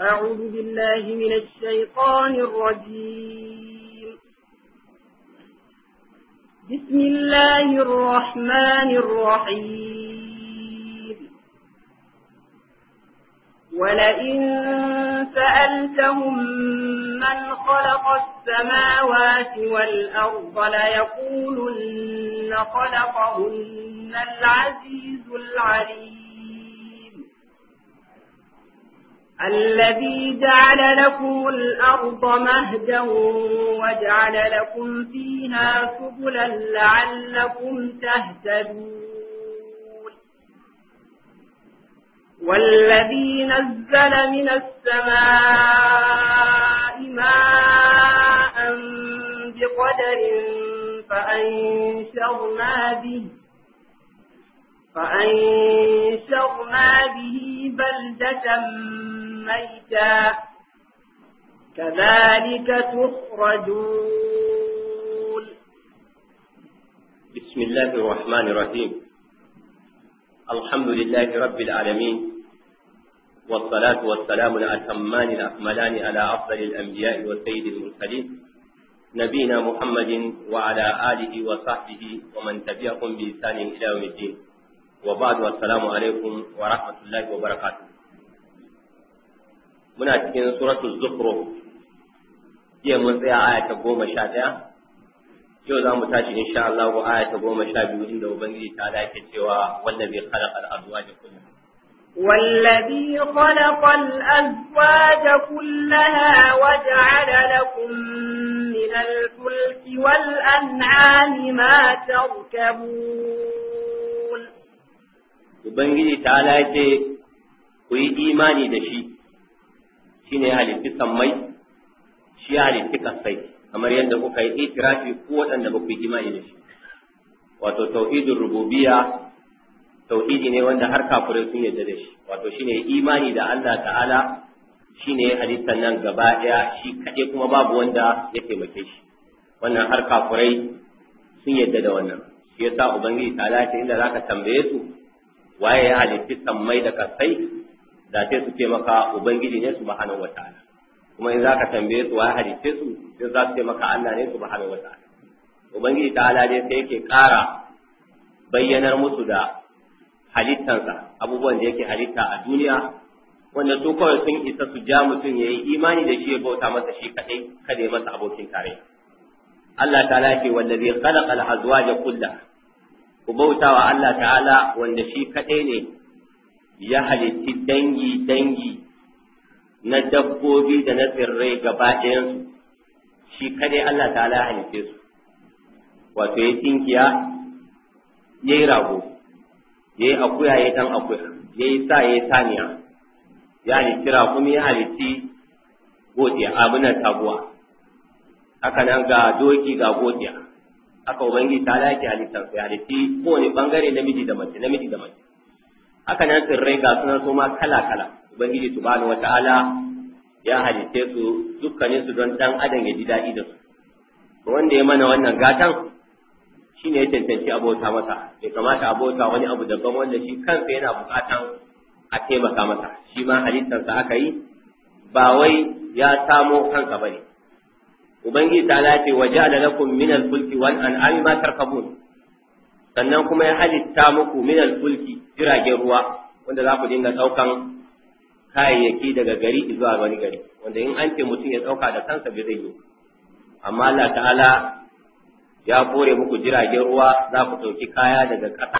أعوذ بالله من الشيطان الرجيم بسم الله الرحمن الرحيم ولئن سألتهم من خلق السماوات والأرض ليقولن خلقهن العزيز العليم الذي جعل لكم الأرض مهدا وجعل لكم فيها سبلا لعلكم تهتدون والذي نزل من السماء ماء بقدر فأنشرنا به فأنشرنا به بلدة ميتا كذلك تخرجون بسم الله الرحمن الرحيم الحمد لله رب العالمين والصلاة والسلام الأتمان الأكملان على أفضل الأنبياء والسيد المرسلين نبينا محمد وعلى آله وصحبه ومن تبعهم بإحسان إلى يوم الدين وبعد والسلام عليكم ورحمة الله وبركاته muna cikin suratul zukhruf jiya mun tsaya aya ta goma sha ɗaya yau za mu tashi insha Allah ko aya ta goma sha biyu inda ubangiji ta dace cewa wallazi khalaqa al-azwaja kullaha والذي خلق الأزواج كلها وجعل لكم من الفلك والأنعام ما تركبون Ubangiji ta lace ku yi imani da shi, shine ya halitti sammai shi ya halitti kasai kamar yadda kuka yi itirafi ko waɗanda ba ku yi imani da shi wato tauhidin rububiyya tauhidi ne wanda har kafirai sun yarda da shi wato shine imani da Allah ta'ala shine halittar nan gaba daya shi kaɗai kuma babu wanda ya taimake shi wannan har kafirai sun yarda da wannan shi yasa ubangiji ta'ala ta inda zaka tambaye su waye ya halitti sammai da kasai da sai su ce maka ubangiji ne subhanahu wataala kuma in zaka tambaye su wa hadisi su sai za su ce maka Allah ne subhanahu wataala ubangiji ta'ala dai sai yake ƙara bayyanar musu da halittansa abubuwan da yake halitta a duniya wanda su kawai sun isa su ja mutum ya yi imani da shi ya bauta masa shi kaɗai kada ya masa abokin tare Allah ta'ala ke wanda zai khalaqa al-azwaja kullaha ku bauta wa Allah ta'ala wanda shi kaɗai ne ya halitti dangi-dangi na dabbobi da na tsirrai gaba ɗayansu shi kadai Allah ta'ala ya halitte su wato ya tinkiya, ya yi rago ya yi akuya ya dan akuya ya yi sa ya yi saniya ya halitti rago ya halitti godiya abinan taguwa haka nan ga doki ga godiya haka ubangiji ta ala halittar su, ya halitti kowane bangare namiji da mace namiji da mace haka nan tsirrai ga sunan su ma kala-kala ubangiji subhanahu ta'ala ya halitte su dukkanin su don dan adam ya ji daɗi da su wanda ya mana wannan gatan shine ya tantance abota masa bai kamata abota wani abu daban wanda shi kansa yana buƙatan a taimaka masa shi ma halittarsa aka yi ba wai ya samo kansa ne. ubangiji ta lafi waje a lakum min al-fulki wal an'ami ma tarkabun sannan kuma ya halitta muku minal fulki jiragen ruwa wanda za ku dinga ɗaukan kayayyaki daga gari zuwa wani gari wanda in an ce mutum ya ɗauka da kansa bai zai yi amma Allah ta'ala ya kore muku jiragen ruwa za ku ɗauki kaya daga ƙasa